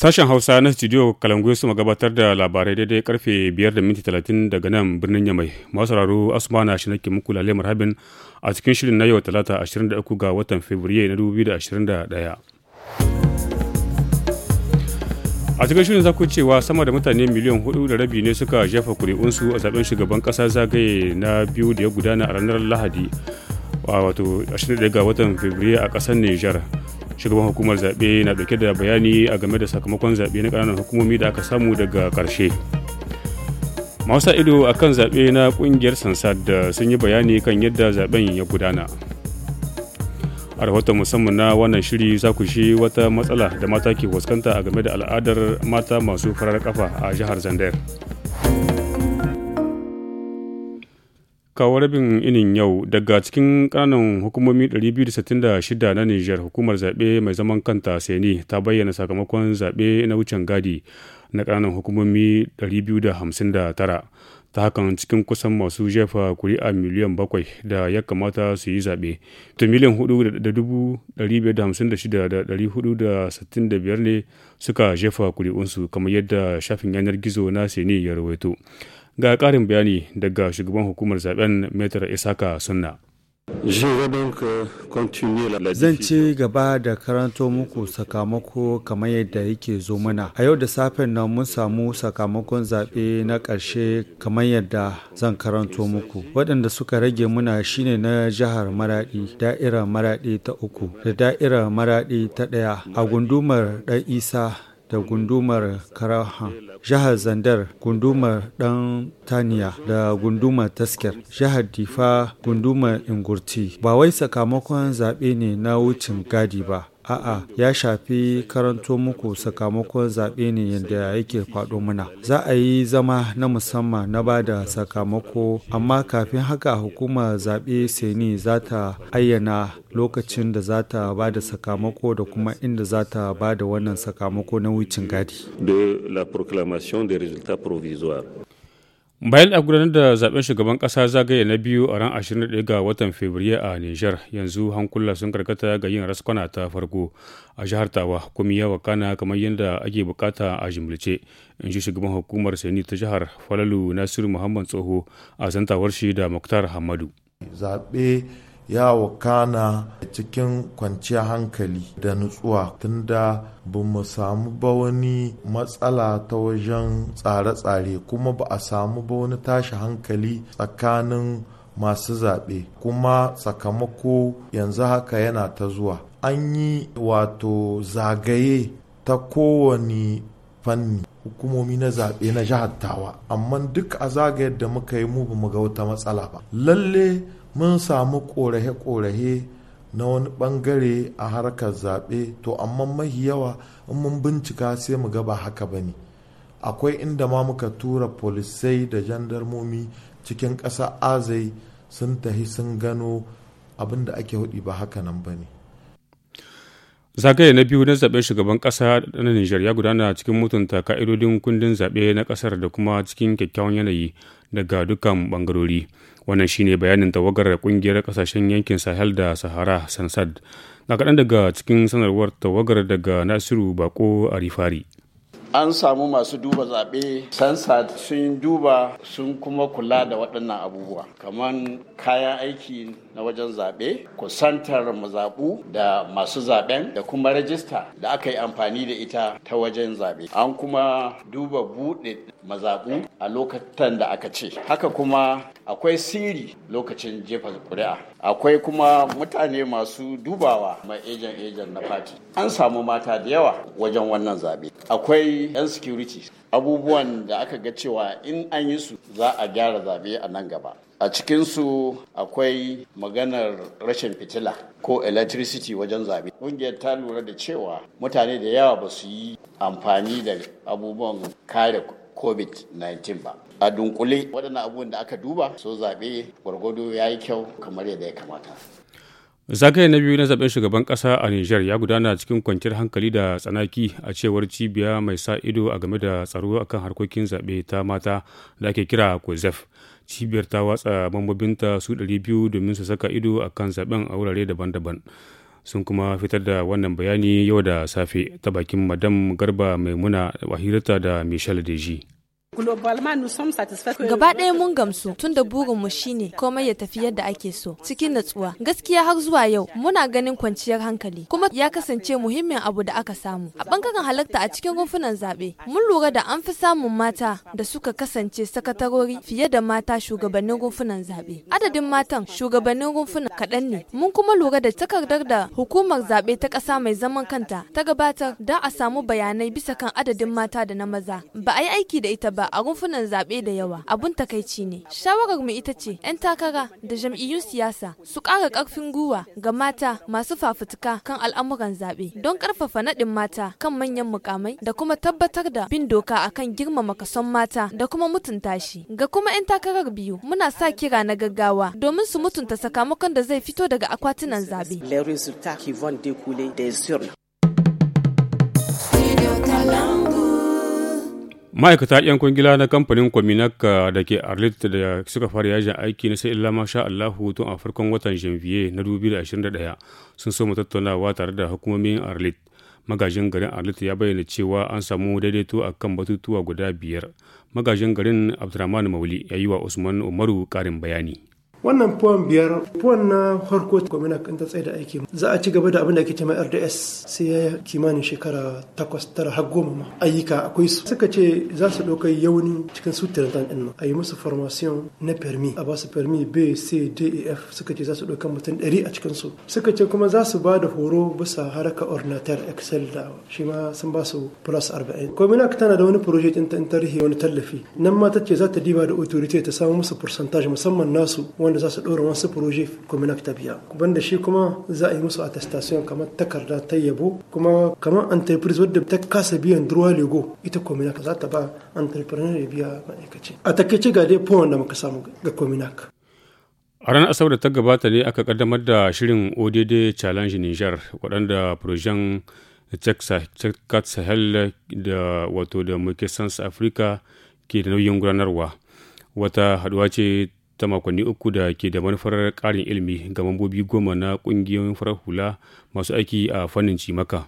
Sashen Hausa na studio Kalangwe su gabatar da labarai daidai karfe 5 da minti 30 daga nan birnin Yamai. Masu raro Asmana shi nake muku lalle marhabin a cikin shirin na yau talata 23 ga watan Fabrairu na 2021. a cikin shirin za ku cewa sama da mutane miliyan hudu da rabi ne suka jefa kuri'unsu a zaben shugaban kasa zagaye na biyu da ya gudana a ranar lahadi wato 21 ga watan fabrairu a kasar niger shugaban hukumar zaɓe na ɗauke da bayani a game da sakamakon zaɓe na ƙananan hukumomi da aka samu daga ƙarshe masu ido a kan zaɓe na ƙungiyar sansad da sun yi bayani kan yadda zaɓen ya gudana a rahoton musamman na wannan shiri za ku shi wata matsala da mata ke fuskanta a game da al'adar mata masu farar kafa a jihar zandar. kawo rabin inin yau daga cikin kananan hukumomi 266 na Nijar hukumar zaɓe mai zaman kanta Seni ta bayyana sakamakon zaɓe na wucin gadi na kananan hukumomi 259 ta hakan cikin kusan masu jefa kuri'a miliyan bakwai da ya kamata su yi zaɓe ta miliyan 465 ne suka jefa kuri'unsu kamar yadda shafin yanar gizo na Seni ya rawaito. ga karin bayani daga shugaban hukumar zaben metar isaka sunna euh, Zan ci gaba da karanto muku sakamako kamar yadda yake zo mana. A yau da safen nan mun samu sakamakon zaɓe na ƙarshe kamar yadda zan karanto muku. Waɗanda suka rage muna shine na jihar Maraɗi, da'irar Maraɗi ta uku da da'irar Maraɗi ta ɗaya a gundumar ɗan Isa da gundumar Karaha, jihar Zandar, gundumar Dan Taniya da gundumar Tasker, jihar Difa, gundumar Ingurti. Ba wai sakamakon zaɓe ne na wucin gadi ba, a'a ya shafi karanto muku sakamakon zaɓe ne yadda yake faɗo muna za a yi zama na musamman na ba da sakamako amma kafin haka hukumar zaɓe seni za ta ayyana lokacin da za ta ba da sakamako da kuma inda za ta ba da wannan sakamako na wucin gadi bayan a gudanar da zaben shugaban kasa zagaye na biyu a ran 21 ga watan fabrairu a niger yanzu hankula sun karkata ga yin raskwana ta farko a jihar tawa kuma ya wakana kamar yadda ake bukata a jimlice in ji shugaban hukumar sani ta jihar falalu nasiru muhammad tsoho a zantawar shi da muktar hamadu zaɓe ya wakana cikin kwanciyar hankali da nutsuwa tunda ba mu samu ba wani matsala ta wajen tsare-tsare kuma ba a samu ba wani tashi hankali tsakanin masu zaɓe kuma sakamako yanzu haka yana ta zuwa an yi wato zagaye ta kowane fanni hukumomi na zaɓe na jihar tawa amma duk a zagayar da muka yi mu muga ga wata matsala ba lalle mun samu korahe-korahe na wani bangare a harkar zaɓe to amma mahi yawa in mun bincika sai mu ga ba haka ba ne akwai inda ma muka tura polisai da jandarmomi cikin ƙasa azai sun tahi sun gano abin da ake hudi ba haka nan ba ne zagaye na biyu na zaben shugaban kasa na nijar ya gudana cikin mutunta ka'idodin kundin zaɓe na ƙasar da kuma cikin kyakkyawan yanayi daga dukkan bangarori wannan shine bayanin tawagar kungiyar ƙasashen yankin sahel da sahara sansad na kaɗan daga cikin sanarwar tawagar daga nasiru bako rifari. an samu masu duba zaɓe sansad sun duba sun kuma kula da waɗannan abubuwa kaman kayan aiki na wajen zaɓe kusantar mazaɓu da masu zaɓen da kuma rajista da aka yi amfani da ita ta wajen zaɓe an kuma duba buɗe mazaɓu a lokacin da aka ce haka kuma akwai siri lokacin jefa ƙuri'a akwai kuma mutane masu dubawa ma ejen ejen na fati an samu mata da yawa wajen wannan zaɓe akwai 'yan security abubuwan da aka ga cewa in an yi su za a gyara zaɓe a nan gaba a cikinsu akwai maganar rashin fitila ko electricity wajen zabe ƙungiyar ta lura da cewa mutane da yawa ba su yi amfani da abubuwan kare covid-19 ba a dunkule waɗannan abubuwan da aka duba so zaɓe gwargwado ya yi kyau kamar yadda ya kamata zagaye na biyu na zaɓen shugaban ƙasa a niger ya gudana cikin kwanciyar hankali da tsanaki a cewar cibiya mai sa ido a game da tsaro akan harkokin zaɓe ta mata da ake kira kozef cibiyar ta watsa mambobinta su 200 domin su saka ido a kan zaben a wurare daban-daban sun kuma fitar da wannan bayani yau da safe ta bakin madam garba maimuna wahirata da michel deji Gaba ɗaya mun gamsu tun da burinmu shine komai ya tafi yadda ake so cikin natsuwa. Gaskiya har zuwa yau muna ganin kwanciyar hankali kuma ya kasance muhimmin abu da aka samu. A ɓangaren halarta a cikin rumfunan zaɓe mun lura da an fi samun mata da suka kasance sakatarori fiye da mata shugabannin rumfunan zaɓe. Adadin matan shugabannin rumfunan kaɗan ne. Mun kuma lura da takardar da hukumar zaɓe ta ƙasa mai zaman kanta ta gabatar don a samu bayanai bisa kan adadin mata da na maza. Ba a yi aiki da ita ba a rumfunan zaɓe da yawa abun takaici ne shawarar mu ita ce 'yan takara da jam'iyyun siyasa su ƙara ƙarfin gwiwa ga mata masu fafutuka kan al'amuran zaɓe don ƙarfafa naɗin mata kan manyan mukamai da kuma tabbatar da bin doka akan girmama kason mata da kuma mutunta shi ga kuma 'yan takarar biyu muna sa kira na gaggawa domin su mutunta sakamakon da zai fito daga akwatunan zaɓe. Les résultats qui vont découler des urnes. ma'aikata 'yan kwangila na kamfanin kwaminaka da ke arlit da suka fara yajin aiki na sai illama sha allahu tun a farkon watan janvier na 2021 sun so tattaunawa tare da hukumomin arlit magajin garin arlit ya bayyana cewa an samu daidaito a kan batutuwa guda biyar magajin garin abdulrahman mauli ya yi wa usman umaru karin bayani wannan puan biyar puan na farko gwamnati in ta tsaye da aiki za a ci gaba da abin da ake cewa rds sai ya kimanin shekara takwas tara har goma ma ayyuka akwai su suka ce za su ɗauka yauni cikin su tirantan ɗin nan a yi musu formation na permi a ba su permi b c d e f suka ce za su ɗauka mutum ɗari a cikin su suka ce kuma za su ba da horo bisa haraka ordinateur excel da shi ma sun ba su plus arba'in gwamnati tana da wani project ɗin ta tarihi wani tallafi nan ma ta ce za ta diba da authority ta samu musu percentage musamman nasu wanda za su ɗora wasu furoji kuma ta biya banda shi kuma za a yi musu attestation kamar takarda ta yabo kuma kamar entreprise wadda ta kasa biyan droit lego ita kominak za ta ba entrepreneur ya biya ma'aikaci a takaice ga dai da muka samu ga kominak. A ranar Asabar da ta gabata ne aka kaddamar da shirin ODD Challenge Niger waɗanda Projen Tech Sahel da wato da Muke Sans Africa ke da nauyin gudanarwa. Wata haduwa ce ta makonni uku da ke da manufar karin ilimi ga mambobi goma na ƙungiyoyin farar hula masu aiki a fannin cimaka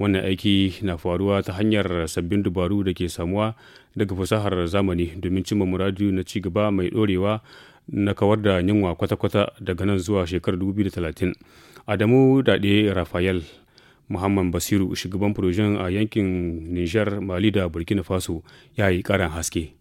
wannan aiki na faruwa ta hanyar sabbin dubaru da ke samuwa daga fasahar zamani domin cimma muradu na ci gaba mai dorewa na kawar da yunwa kwata-kwata daga nan zuwa shekarar 2030 adamu daɗe rafael muhammad basiru shugaban a yankin niger mali da burkina faso ya yi ƙarin haske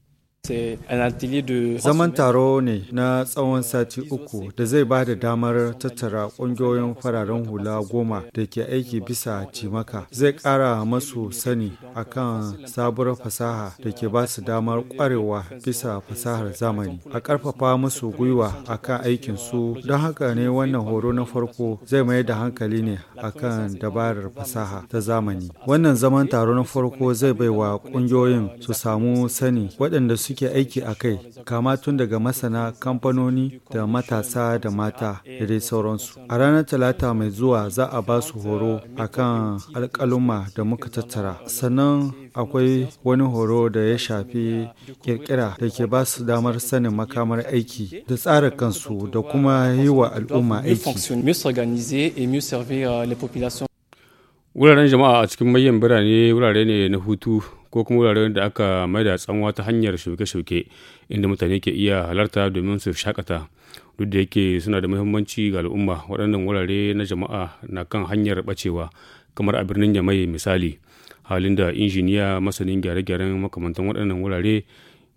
Zaman taro ne na tsawon sati uku da zai ba da damar tattara ƙungiyoyin fararen hula goma da ke aiki bisa cimaka. Zai ƙara masu sani akan sabuwar fasaha da ke ba su damar ƙwarewa bisa fasahar zamani. A ƙarfafa masu gwiwa akan aikin su don haka ne wannan horo na farko zai mai da hankali ne akan dabarar fasaha ta zamani. Wannan zaman taro na farko zai baiwa ƙungiyoyin su samu sani waɗanda suke muke aiki a kai, kama tun daga masana, kamfanoni da matasa da mata da dai sauransu. A ranar Talata mai zuwa za a ba su horo a kan alƙaluma da muka tattara. Sannan akwai wani horo da ya shafi kirkira da ke ba su damar sanin makamar aiki da tsara kansu da kuma yi wa al'umma aiki. Euh, Wuraren jama'a a cikin manyan birane wurare ne na hutu ko kuma wuraren da aka maida tsanwa ta hanyar shuke-shuke inda mutane ke iya halarta domin su shakata duk da yake suna da muhimmanci ga al'umma waɗannan wurare na jama'a na kan hanyar bacewa kamar a birnin yamai misali halin da injiniya masanin gyare-gyaren makamantan waɗannan wurare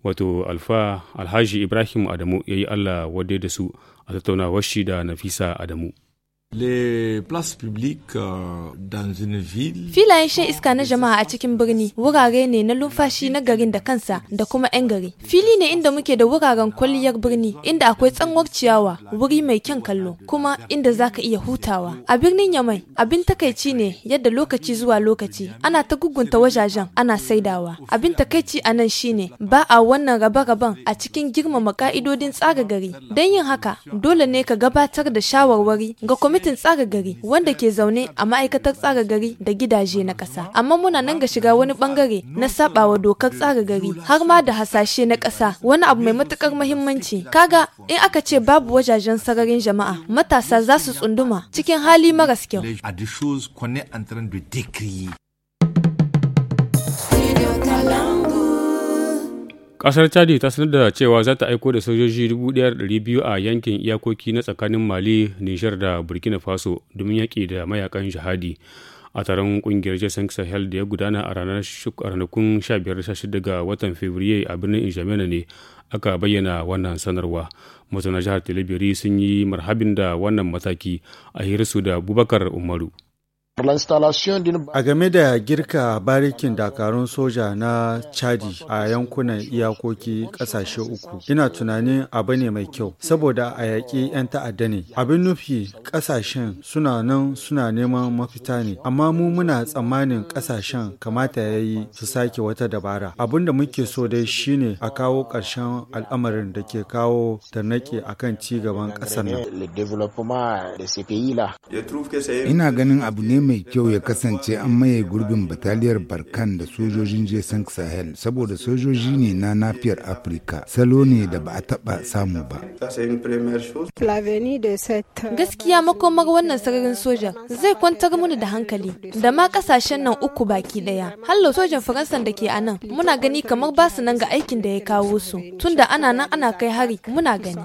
wato alfa alhaji ibrahim adamu ya yi allah wadai da su a tattaunawar shi da nafisa adamu Les places publiques euh, Filayen shan iska na jama'a a cikin birni wurare ne na lumfashi na garin da kansa da kuma 'yan gari. Fili ne inda muke da wuraren kwalliyar birni inda akwai tsanwar ciyawa wuri mai kyan kallo kuma inda za ka iya hutawa. A birnin Yamai abin takaici ne yadda lokaci zuwa lokaci ana ta gugunta wajajen ana saidawa. Abin takaici a nan shine ba a wannan rabe-raben a cikin girmama ka'idodin tsara gari. Don yin haka dole ne ka gabatar da shawarwari ga kwamitin kwamitin tsaga gari wanda ke zaune a ma'aikatar tsaga gari da gidaje na ƙasa. Amma muna nan ga shiga wani ɓangare na sabawa dokar tsaga gari har ma da hasashe na ƙasa wani abu mai matukar muhimmanci. Kaga in aka ce babu wajajen sararin jama'a matasa za su tsunduma cikin hali maras kyau. Ƙasar Chadi ta sanar da cewa za ta aiko da sojoji 1,200 a yankin iyakoki na tsakanin Mali, Nijar da Burkina Faso domin yaƙi da mayakan jihadi. a taron ƙungiyar jason sahel da ya gudana a ranakun 15-16 ga watan Fabrairu a birnin injamena ne aka bayyana wannan sanarwa mazauna jihar talibiri sun yi marhabin da wannan mataki a hirisu da bubakar umaru A game da girka barikin dakarun soja na Chadi a yankunan iyakoki ƙasashe uku, ina tunanin abu ne mai kyau, saboda a yaƙi 'yan ta'adda ne. Abin nufi ƙasashen suna nan suna neman mafita ne, amma mu muna tsammanin ƙasashen kamata ya yi su sake wata dabara. Abin da muke so dai shi ne a kawo ƙarshen al'amarin da ke kawo tarnaƙi akan ci gaban ƙasar nan. Ina ganin abu ne mai kyau ya kasance an maye gurbin bataliyar Barkan da sojojin Jason Sahel saboda sojoji ne na nafiyar Afirka salo ne da ba a taba samu ba. Gaskiya makomar wannan sararin sojan zai kwantar mu da hankali da ma kasashen nan uku baki daya. Hallo sojan Faransa da ke anan muna gani kamar ba su nan ga aikin da ya kawo su tunda ana nan ana kai hari muna gani.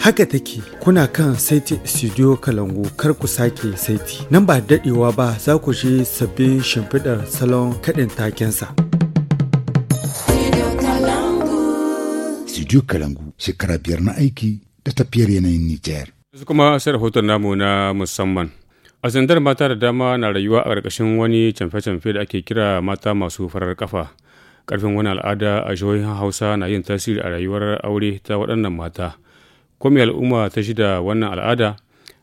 haka take kuna kan saiti studio kalangu kar ku sake saiti nan ba dadewa ba za ku je sabbin shimfiɗar salon kaɗin takensa. studio kalangu shekara biyar na aiki da tafiyar yanayin nijar. yanzu kuma sai rahoton namu na musamman a zandar mata da dama na rayuwa a ƙarƙashin wani camfe-camfe da ake kira mata masu farar kafa ƙarfin wani al'ada a jihohin hausa na yin tasiri a rayuwar aure ta waɗannan mata komi al'umma ta shida wannan al'ada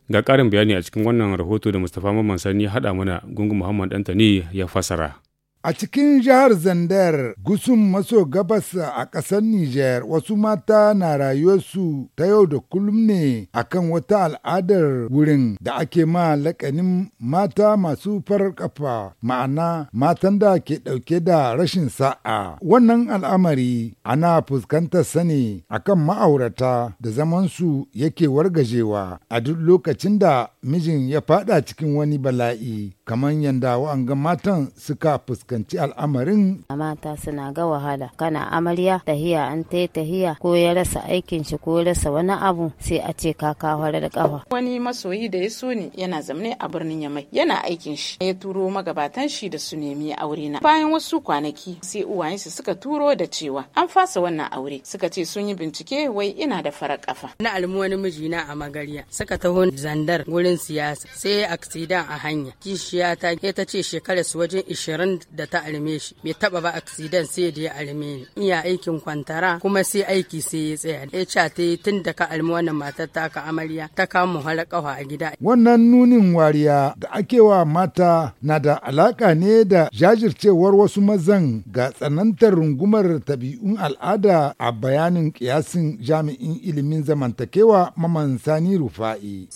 ga ƙarin bayani a cikin wannan rahoto da Mustapha Mamman Sani haɗa mana gungun Muhammad Dantani ya fasara. A cikin jihar Zandar, gusun maso gabas a ƙasar Nijar, wasu mata na rayuwarsu ta yau da kullum ne a kan wata al'adar wurin da ake ma laƙanin mata masu farƙafa ma'ana matan da ke ɗauke da rashin sa'a. Wannan al'amari ana fuskantar sani a kan ma'aurata da zamansu yake wargajewa a duk lokacin da mijin ya faɗa cikin wani bala'i. kamar yadda ga matan suka fuskanci al'amarin. Mata suna ga wahala kana amarya tahiya an ta tahiya ko ya rasa aikin shi ko rasa wani abu sai a ce ka kawar da kafa. Wani masoyi da ya so ni yana zamne a birnin Yamai yana aikin shi ya turo magabatan shi da su nemi aure na. Bayan wasu kwanaki sai uwayen shi suka turo da cewa an fasa wannan aure suka ce sun yi bincike wai ina da farar kafa. Na almu wani mijina a magariya suka taho zandar wurin siyasa sai aksidan a hanya kishi makwabciyata ta ce shekarar su wajen 20 da ta alme shi bai taba ba accident sai da ya alme ni iya aikin kwantara kuma sai aiki sai ya tsaya ya ce ta yi tun da ka almi wannan matar ta ka amarya ta kamu har a gida wannan nunin wariya da ake wa mata na da alaka ne da jajircewar wasu mazan ga tsanantar rungumar tabi'un al'ada a bayanin kiyasin jami'in ilimin zamantakewa maman sani rufa'i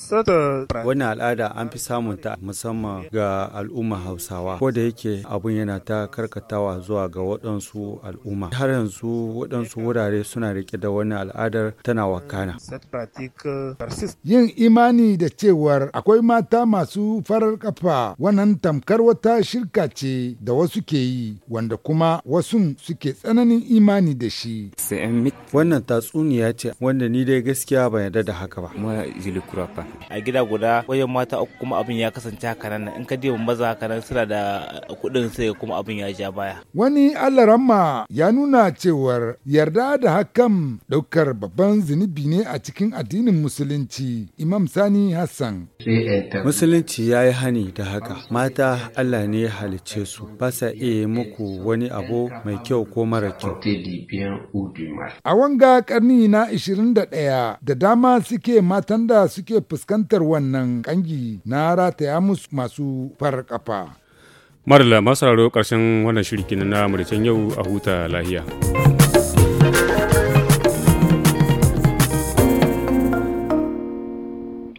wannan al'ada an fi samunta musamman ga al'umma hausawa ko da yake abun yana ta karkatawa zuwa ga waɗansu al'umma har yanzu waɗansu wurare suna rike da wani al'adar tana wakana euh, yin imani da cewar akwai mata masu farar kafa wannan tamkar wata shirka ce da wasu ke yi wanda kuma wasu suke tsananin imani da shi wannan tatsuniya ce wanda ni dai gaskiya ba yarda da haka ba a gida guda wajen mata uku kuma abin ya kasance haka nan in ka diban maza kanan da kuɗin sai kuma abin ya ja baya. Wani Allah ramma ya nuna cewar yarda da hakan ɗaukar babban zunubi ne a cikin addinin musulunci Imam Sani Hassan. Musulunci ya yi hani da haka mata Allah ne ya halicce su basa iya muku wani abu mai kyau ko mara kyau. A wanga karni na 21 da dama suke matan da suke fuskantar wannan kangi na rataya musu masu biyu kafa. Madalla masu raro ƙarshen wannan shirki na Mauritania yau a huta lahiya.